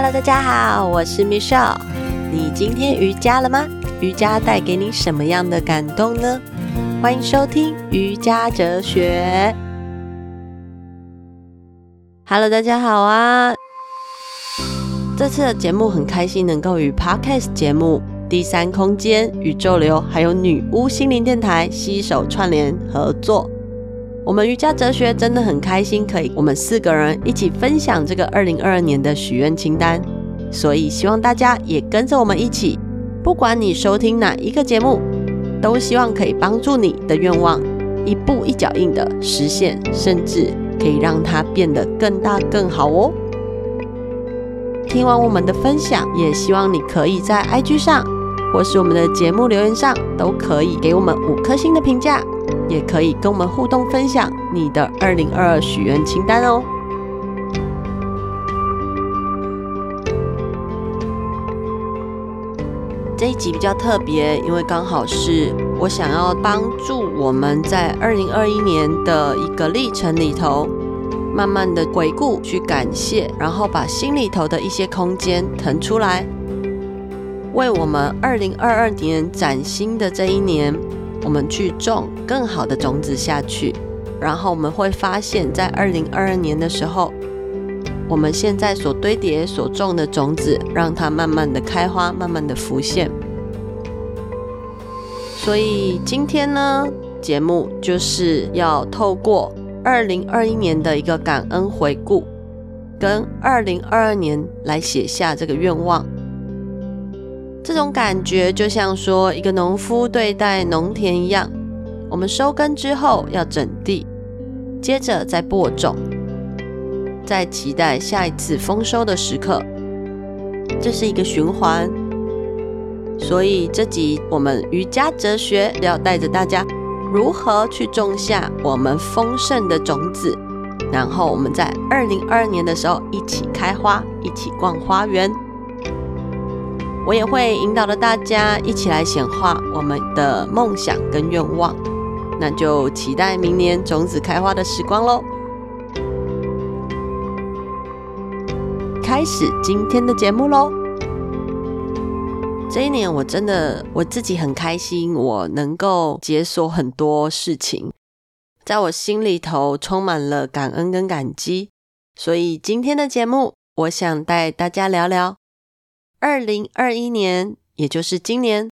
Hello，大家好，我是 Michelle。你今天瑜伽了嗎？瑜伽帶給你什麼樣的感動呢？歡迎收聽瑜珈折學。Hello，大家好啊！這次的節目很開心能夠與 Podcast 節目《第三空間》、宇宙流，還有女巫心靈電台攜手串聯合作。我們瑜珈折學真的很開心，可以我們四個人一起分享這個二零二二年的許願清單，所以希望大家也跟着我們一起。不管你收聽哪一個節目，都希望可以幫助你的願望一步一腳印的實現，甚至可以讓它變得更大更好哦。聽完我們的分享，也希望你可以在 IG 上或是我們的節目留言上，都可以給我們五顆星的評價。也可以跟我們互動分享你的二零二二許願清單哦。這一集比較特別，因為剛好是我想要幫助我們在二零二一年的一個歷程裡頭，慢慢的回顧、去感謝，然後把心裡頭的一些空間騰出來，為我們二零二二年嶄新的這一年。我們去種更好的種子下去，然後我們會發現，在二零二二年的時候，我們現在所堆疊、所種的種子，讓它慢慢的開花，慢慢的浮現。所以今天呢，節目就是要透過二零二一年的一個感恩回顧，跟二零二二年來寫下這個願望。這種感覺就像說一個農夫對待農田一樣，我們收根之後要整地，接着再播種，再期待下一次豐收的時刻，這是一個循環。所以這集我們瑜伽哲學要帶着大家如何去種下我們豐盛的種子，然後我們在二零二二年的時候一起開花，一起逛花園。我也會引導大家一起來顯化我們的夢想跟願望，那就期待明年種子開花的時光嘍。開始今天的節目嘍。這一年我真的我自己很開心，我能夠解鎖很多事情，在我心裡頭充滿了感恩跟感激，所以今天的節目我想帶大家聊聊。二零二一年，也就是今年，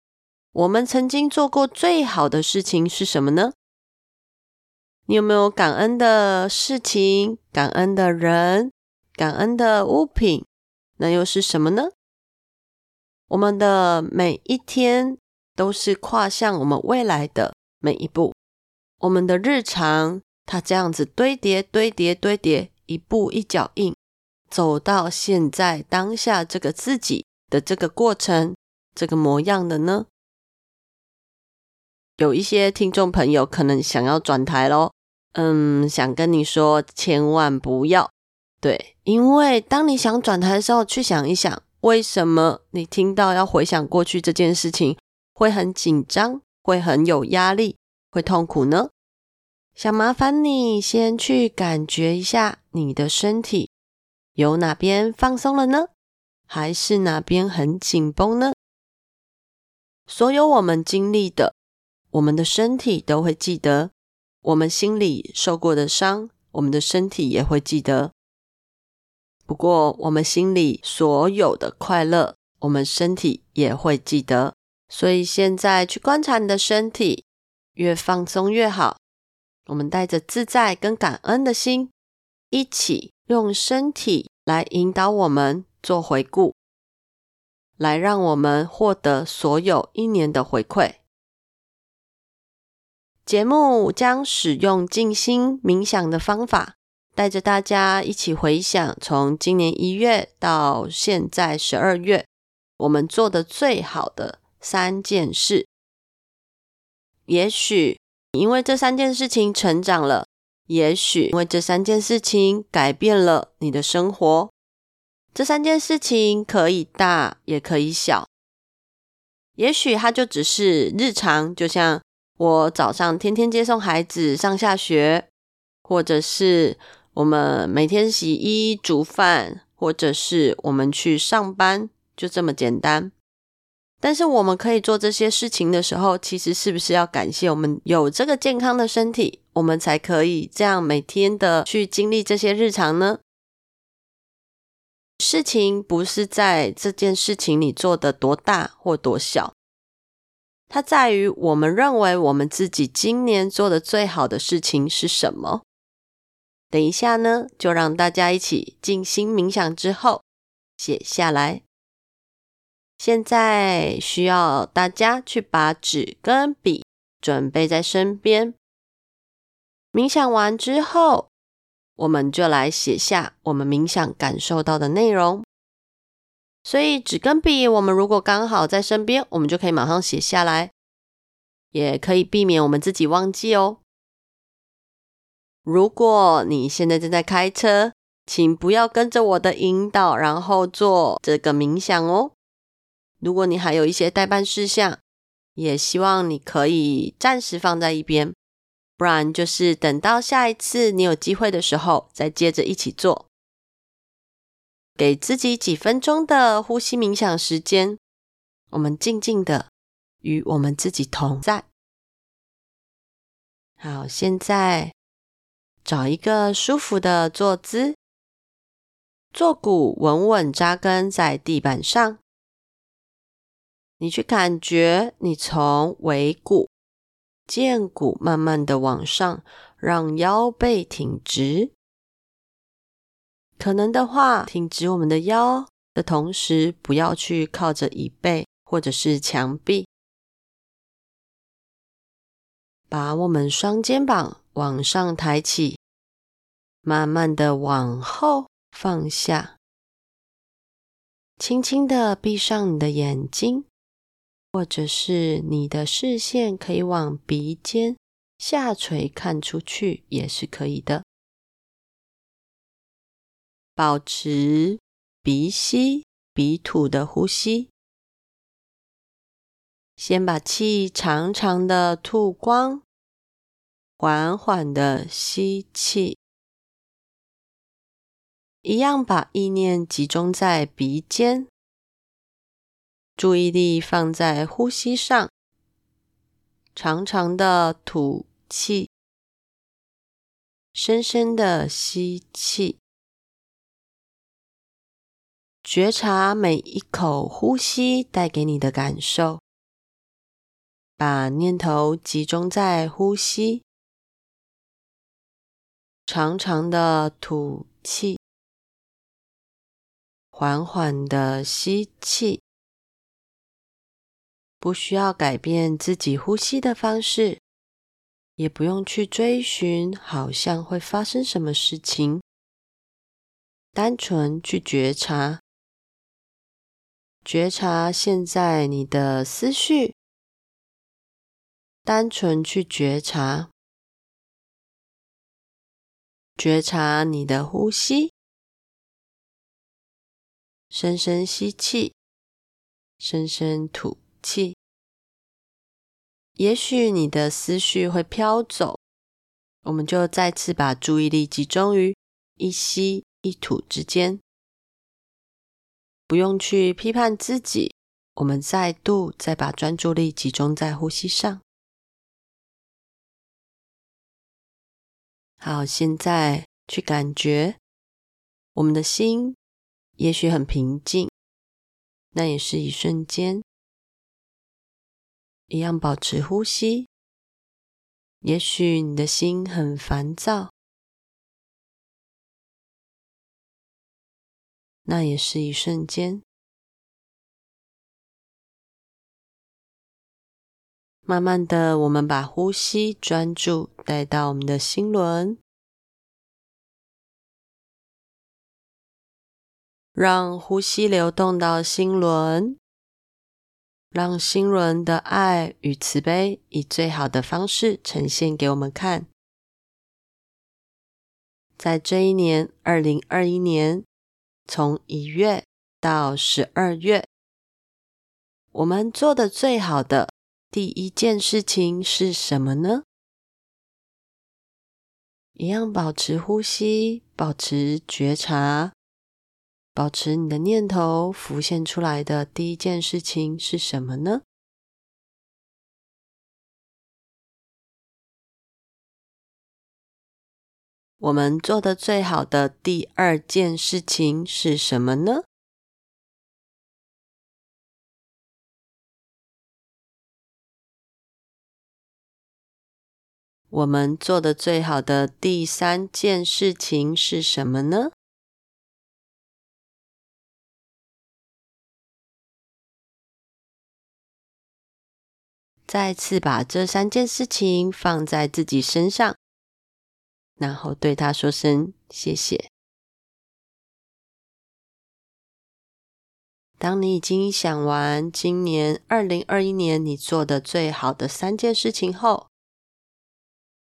我們曾經做過最好的事情是什麼呢？你有沒有感恩的事情、感恩的人、感恩的物品？那又是什麼呢？我們的每一天都是跨向我們未來的每一步，我們的日常，它這樣子堆疊、堆疊、堆疊，一步一腳印，走到現在當下這個自己，的這個過程，這個模樣的呢？有一些聽眾朋友可能想要轉台咯，嗯，想跟你說，千萬不要。對，因為當你想轉台的時候，去想一想，為什麼你聽到要回想過去這件事情會很緊張，會很有壓力，會痛苦呢？想麻煩你先去感覺一下你的身體，有哪邊放鬆了呢？還是哪邊很緊繃呢？所有我們經歷的，我們的身體都會記得；我們心裡受過的傷，我們的身體也會記得。不過，我們心裡所有的快樂，我們身體也會記得。所以，現在去觀察你的身體，越放鬆越好。我們帶着自在跟感恩的心，一起用身體來引導我們。做回顧，來讓我們獲得所有一年的回饋。節目將使用靜心冥想的方法，帶着大家一起回想從今年一月到現在十二月，我們做的最好的三件事。也許因為這三件事情成長了，也許因為這三件事情改變了你的生活。這三件事情可以大也可以小，也許它就只是日常，就像我早上天天接送孩子上下學，或者是我們每天洗衣煮飯，或者是我們去上班，就這麼簡單。但是我們可以做這些事情的時候，其實是不是要感謝我們有這個健康的身體，我們才可以這樣每天的去經歷這些日常呢？事情不是在這件事情裡做的多大或多小，它在於我們認為我們自己今年做的最好的事情是什麼。等一下呢，就讓大家一起靜心冥想之後寫下來。現在需要大家去把紙跟筆準備在身邊。冥想完之後。我們就來寫下我們冥想感受到的內容。所以紙跟筆，我們如果剛好在身邊，我們就可以馬上寫下來，也可以避免我們自己忘記哦。如果你現在正在開車，請不要跟着我的引導，然後做這個冥想哦。如果你還有一些待辦事項，也希望你可以暫時放在一邊。不然就是等到下一次你有機會的時候，再接着一起做。給自己幾分鐘的呼吸冥想時間，我們靜靜的與我們自己同在。好，現在找一個舒服的坐姿，坐骨穩穩紮根在地板上。你去感覺你從尾骨。肩骨慢慢的往上，讓腰背挺直。可能的話，挺直我們的腰的同時，不要去靠着椅背或者是牆壁，把我們雙肩膀往上抬起，慢慢的往後放下，輕輕的閉上你的眼睛。或者是你的視線可以往鼻尖下垂看出去也是可以的，保持鼻吸鼻吐的呼吸，先把氣長長的吐光，緩緩的吸氣，一樣把意念集中在鼻尖。注意力放在呼吸上，長長的吐氣，深深的吸氣，覺察每一口呼吸帶給你的感受，把念頭集中在呼吸，長長的吐氣，緩緩的吸氣。不需要改變自己呼吸的方式，也不用去追尋好像會發生什麼事情，單純去覺察，覺察現在你的思緒，單純去覺察，覺察你的呼吸，深深吸氣，深深吐氣。也許你的思緒會飄走，我們就再次把注意力集中於一吸一吐之間，不用去批判自己。我們再度再把專注力集中在呼吸上。好，現在去感覺我們的心也許很平靜，那也是一瞬間。一樣保持呼吸，也許你的心很煩躁，那也是一瞬間。慢慢的，我們把呼吸專注帶到我們的心輪，讓呼吸流動到心輪。讓心輪的愛與慈悲以最好的方式呈現給我們看。在這一年，二零二一年，從一月到十二月，我們做的最好的第一件事情是什麼呢？一樣，保持呼吸，保持覺察。保持你的念頭浮現出來的第一件事情是什麼呢？我們做的最好的第二件事情是什麼呢？我們做的最好的第三件事情是什麼呢？再次把這三件事情放在自己身上，然後對他說聲謝謝。當你已經想完今年二零二一年你做的最好的三件事情後，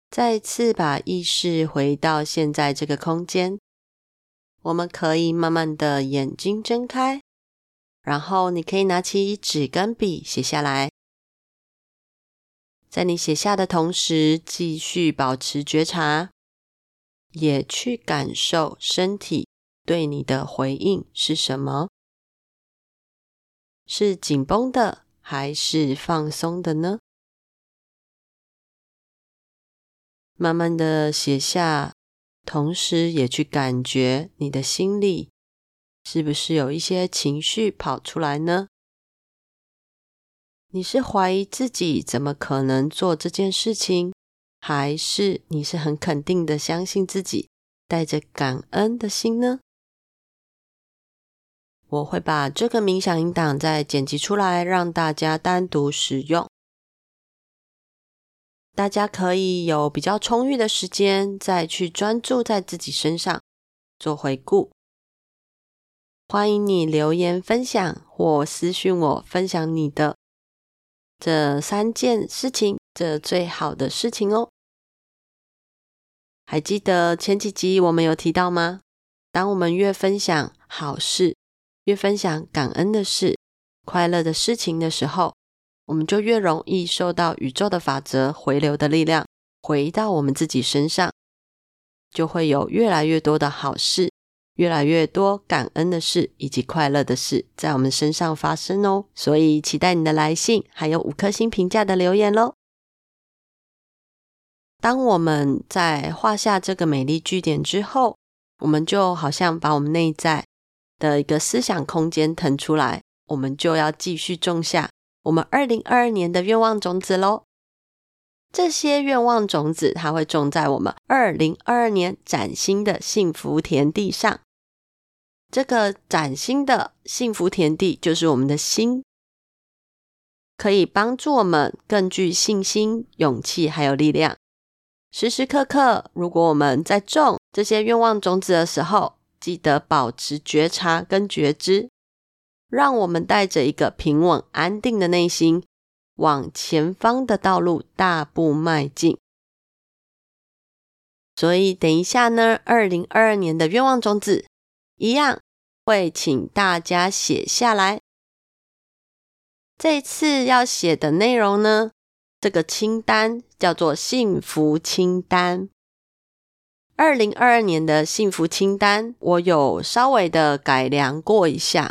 再次把意識回到現在這個空間，我們可以慢慢的眼睛睜開，然後你可以拿起紙跟筆寫下來。在你寫下的同時，繼續保持覺察，也去感受身體對你的回應是什麼？是緊繃的，還是放鬆的呢？慢慢的寫下，同時也去感覺你的心裡是不是有一些情緒跑出來呢？你是懷疑自己怎麼可能做這件事情，還是你是很肯定的相信自己，帶着感恩的心呢？我會把這個冥想音檔再剪輯出來，讓大家單獨使用。大家可以有比較充裕的時間，再去專注在自己身上做回顧。歡迎你留言分享，或私訊我分享你的。這三件事情，這最好的事情哦。還記得前幾集我們有提到嗎？當我們越分享好事，越分享感恩的事，快樂的事情的時候，我們就越容易受到宇宙的法則回流的力量，回到我們自己身上，就會有越來越多的好事。越來越多感恩的事以及快樂的事在我們身上發生哦，所以期待你的來信，還有五顆星評價的留言咯。當我們在畫下這個美麗句點之後，我們就好像把我們內在的一個思想空間騰出來，我們就要繼續種下我們2022年的願望種子咯。這些願望種子，它會種在我們2022年嶄新的幸福田地上。這個嶄新的幸福田地，就是我們的心，可以幫助我們更具信心、勇氣，還有力量。時時刻刻，如果我們在種這些願望種子的時候，記得保持覺察跟覺知，讓我們帶着一個平穩安定的內心，往前方的道路大步邁進。所以，等一下呢，2022年的願望種子。一樣會請大家寫下來。這一次要寫的內容呢，這個清單叫做“幸福清單”。二零二二年的幸福清單，我有稍微的改良過一下。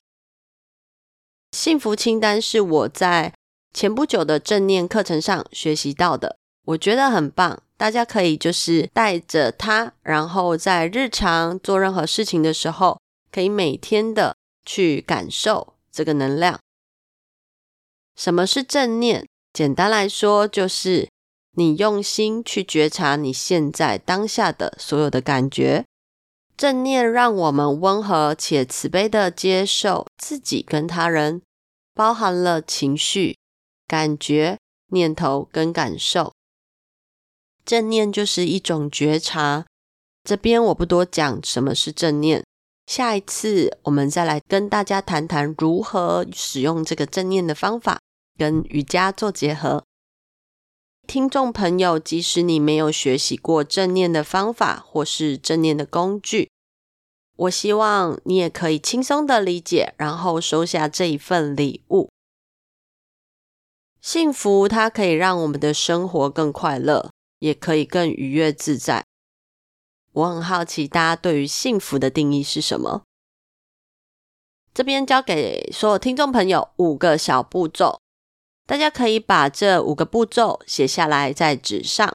幸福清單是我在前不久的正念課程上學習到的。我覺得很棒，大家可以就是帶着它，然後在日常做任何事情的時候，可以每天的去感受這個能量。什麼是正念？簡單來說，就是你用心去覺察你現在當下的所有的感覺。正念讓我們溫和且慈悲的接受自己跟他人，包含了情緒、感覺、念頭跟感受。正念就是一種覺察，這邊我不多講什麼是正念，下一次我們再來跟大家談談如何使用這個正念的方法跟瑜伽做結合。聽眾朋友，即使你沒有學習過正念的方法或是正念的工具，我希望你也可以輕鬆的理解，然後收下這一份禮物。幸福它可以讓我們的生活更快樂。也可以更愉悅自在。我很好奇，大家對於幸福的定義是什麼？這邊教給所有聽眾朋友五個小步驟，大家可以把這五個步驟寫下來在紙上，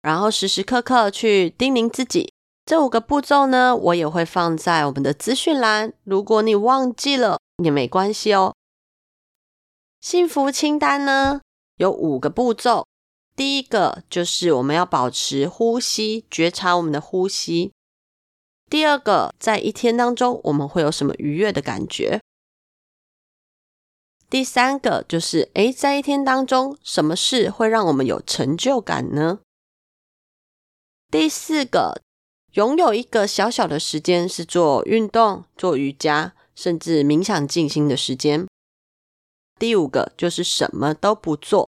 然後時時刻刻去叮嚀自己。這五個步驟呢，我也會放在我們的資訊欄。如果你忘記了也沒關係哦。幸福清單呢，有五個步驟。第一個就是我們要保持呼吸，覺察我們的呼吸。第二個，在一天當中我們會有什麼愉悅的感覺？第三個就是哎、欸，在一天當中什麼事會讓我們有成就感呢？第四個，擁有一個小小的時間是做運動、做瑜伽，甚至冥想靜心的時間。第五個就是什麼都不做。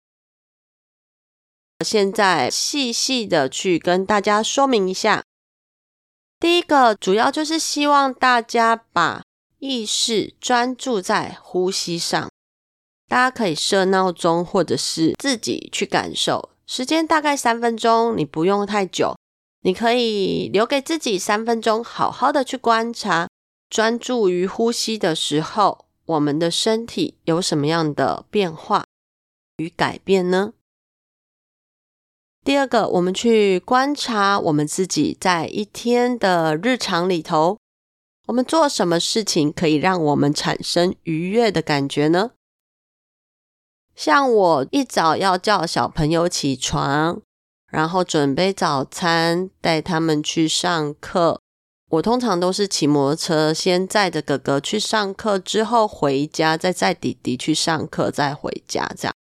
現在細細的去跟大家說明一下，第一個主要就是希望大家把意識專注在呼吸上。大家可以設鬧鐘，或者是自己去感受，時間大概三分鐘，你不用太久，你可以留給自己三分鐘，好好的去觀察，專注於呼吸的時候，我們的身體有什麼樣的變化與改變呢？第二個，我們去觀察我們自己在一天的日常裡頭，我們做什麼事情可以讓我們產生愉悅的感覺呢？像我一早要叫小朋友起床，然後準備早餐，帶他們去上課。我通常都是騎摩托車，先載着哥哥去上課，之後回家，再載弟弟去上課，再回家，這樣。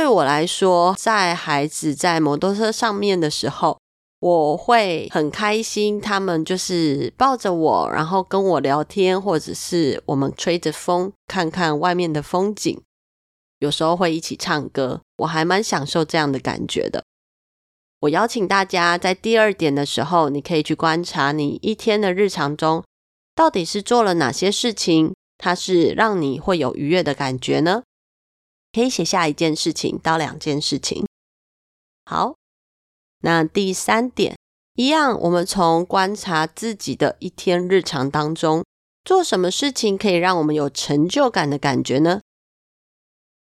對我來說，在孩子在摩托車上面的時候，我會很開心。他們就是抱着我，然後跟我聊天，或者是我們吹着風，看看外面的風景。有時候會一起唱歌，我還蠻享受這樣的感覺的。我邀請大家在第二點的時候，你可以去觀察你一天的日常中，到底是做了哪些事情，它是讓你會有愉悅的感覺呢？可以寫下一件事情到兩件事情。好，那第三點一樣，我們從觀察自己的一天日常當中，做什麼事情可以讓我們有成就感的感覺呢？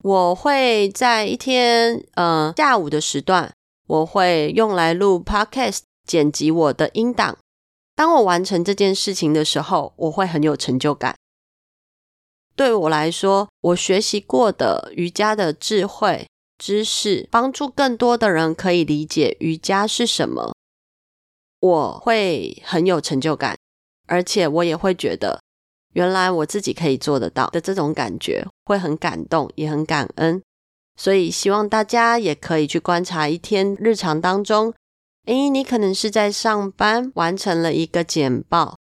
我會在一天呃下午的時段，我會用來錄 podcast，剪輯我的音檔。當我完成這件事情的時候，我會很有成就感。對我來說，我學習過的瑜伽的智慧知識，幫助更多的人可以理解瑜伽是什麼，我會很有成就感，而且我也會覺得原來我自己可以做得到的這種感覺，會很感動，也很感恩。所以希望大家也可以去觀察一天日常當中，誒，你可能是在上班完成了一個簡報，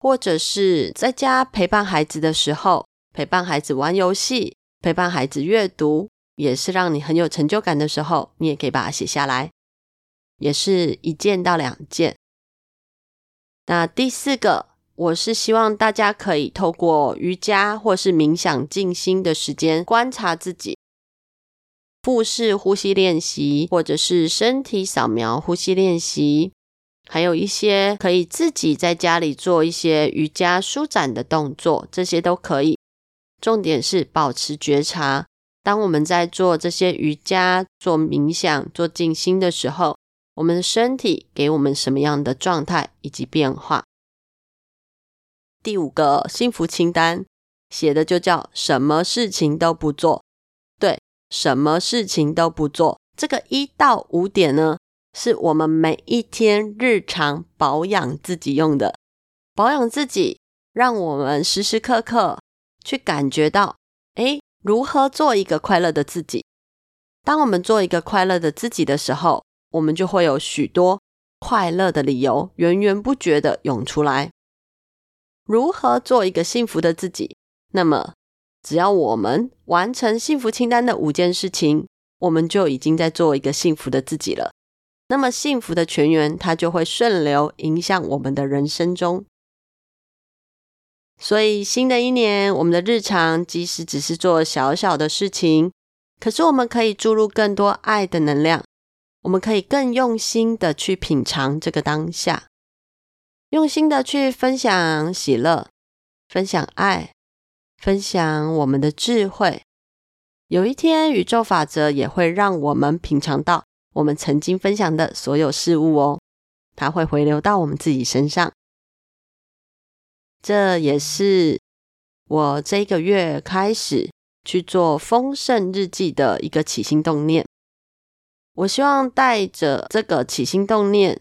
或者是在家陪伴孩子的時候。陪伴孩子玩遊戲，陪伴孩子閱讀，也是讓你很有成就感的時候。你也可以把它寫下來，也是一件到兩件。那第四個，我是希望大家可以透過瑜伽或是冥想靜心的時間，觀察自己。腹式呼吸練習，或者是身體掃描呼吸練習，還有一些可以自己在家裡做一些瑜伽舒展的動作，這些都可以。重點是保持覺察。當我們在做這些瑜伽、做冥想、做靜心的時候，我們的身體給我們什麼樣的狀態以及變化？第五個幸福清單寫的就叫“什麼事情都不做”。對，什麼事情都不做。這個一到五點呢，是我們每一天日常保養自己用的，保養自己，讓我們時時刻刻。去感覺到，誒，如何做一個快樂的自己？當我們做一個快樂的自己的時候，我們就會有許多快樂的理由源源不絕的湧出來。如何做一個幸福的自己？那麼，只要我們完成幸福清單的五件事情，我們就已經在做一個幸福的自己了。那麼，幸福的泉源，它就會順流影響我們的人生中。所以，新的一年，我們的日常，即使只是做小小的事情，可是我們可以注入更多愛的能量。我們可以更用心的去品嘗這個當下，用心的去分享喜樂，分享愛，分享我們的智慧。有一天，宇宙法則也會讓我們品嘗到我們曾經分享的所有事物哦，它會回流到我們自己身上。這也是我這一個月開始去做豐盛日記的一個起心動念。我希望帶着這個起心動念，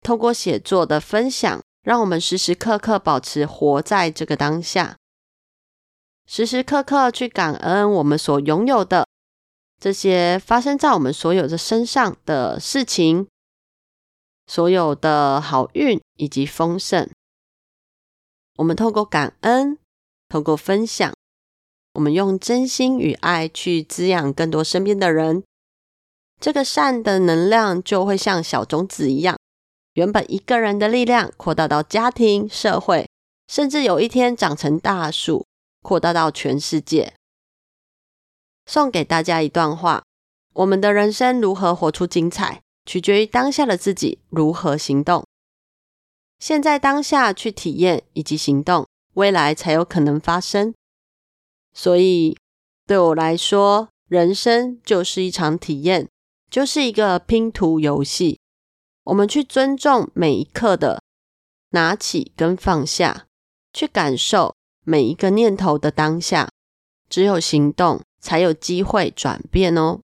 透過寫作的分享，讓我們時時刻刻保持活在這個當下，時時刻刻去感恩我們所擁有的這些發生在我們所有的身上的事情，所有的好運以及豐盛。我們透過感恩，透過分享，我們用真心與愛去滋養更多身邊的人。這個善的能量就會像小種子一樣，原本一個人的力量擴大到家庭、社會，甚至有一天長成大樹，擴大到全世界。送給大家一段話，我們的人生如何活出精彩，取決於當下的自己如何行動。現在當下去體驗以及行動，未來才有可能發生。所以對我來說，人生就是一場體驗，就是一個拼圖遊戲。我們去尊重每一刻的拿起跟放下，去感受每一個念頭的當下。只有行動才有機會轉變哦。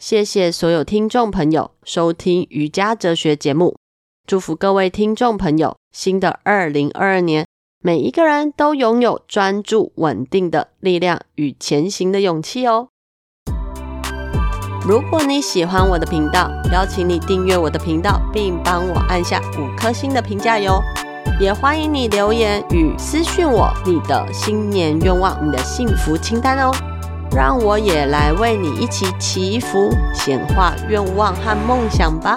謝謝所有聽眾朋友收聽瑜珈折學節目。祝福各位聽眾朋友，新的二零二二年，每一個人都擁有專注、穩定的力量與前行的勇氣哦。如果你喜歡我的頻道，邀請你訂閱我的頻道，並幫我按下五顆星的評價喲。也歡迎你留言與私訊我你的新年願望、你的幸福清單哦，讓我也來為你一起祈福、顯化願望和夢想吧。